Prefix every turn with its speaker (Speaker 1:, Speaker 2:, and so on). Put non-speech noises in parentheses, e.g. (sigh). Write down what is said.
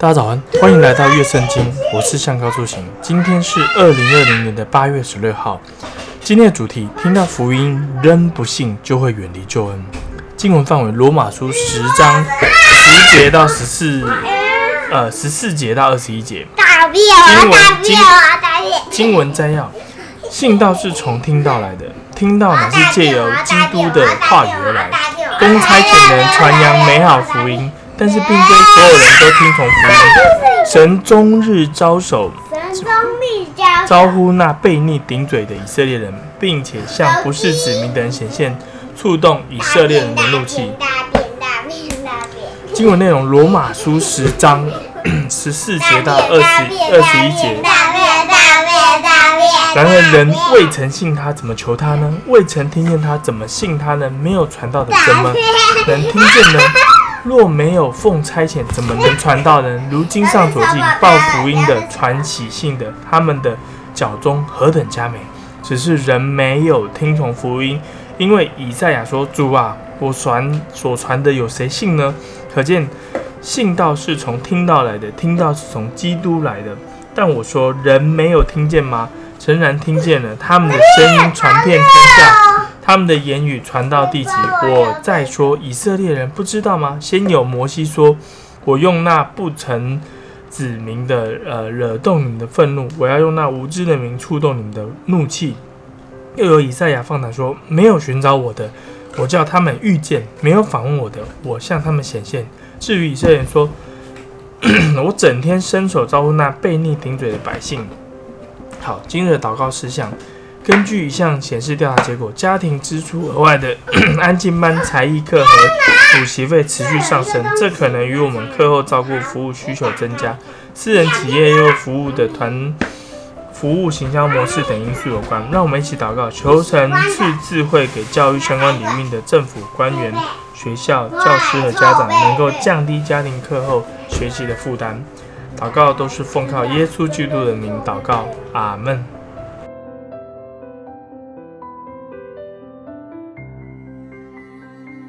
Speaker 1: 大家早安，歡迎來到樂聖經，我是向高出行。今天是二零二零年的八月十六號，今天的主題：聽到福音仍不信，就會遠離救恩。經文範圍：羅馬書十章十節到十四，呃，十四節到二十一節。大變！大大經文摘要：信道是從聽道來的，聽道乃是借由基督的話語而來，奉差遣的人傳揚美好福音。但是並非所有人都聽從福音。神終日招手，招呼那悖逆頂嘴的以色列人，並且向不是子民的人顯現，觸動以色列人的怒氣。經文內容：羅馬書十章十四節到二十二十一節。然而人未曾信他，怎麼求他呢？未曾聽見他，怎麼信他呢？沒有傳道的什麼能聽見呢？若沒有奉差遣，怎麼能傳道呢？如今上所記報福音的，傳喜信的，他們的腳蹤何等佳美！只是人沒有聽從福音，因為以賽亞說：“主啊，我傳所傳的有誰信呢？”可見信道是從聽道來的，聽道是從基督來的。但我說人沒有聽見嗎？誠然聽見了，他們的聲音傳遍天下。他們的言語傳到地極，我再說，以色列人不知道嗎？先有摩西說：“我用那不成子民的，呃，惹動你們的憤怒；我要用那無知的民觸動你們的怒氣。”又有以賽亞放膽說：“沒有尋找我的，我叫他們遇見；沒有訪問我的，我向他們顯現。”至於以色列人說咳咳：“我整天伸手招呼那悖逆頂嘴的百姓。”好，今日的禱告事項。根據一項顯示調查結果，家庭支出額外的 (coughs) 安親班、才藝課和補習費持續上升，這可能與我們課後照顧服務需求增加、私人企業又服務的團服務行銷模式等因素有關。讓我們一起禱告，求神賜智慧給教育相關領域的政府官員、學校教師和家長，能夠降低家庭課後學習的負擔。禱告都是奉靠耶穌基督的名禱告，阿門。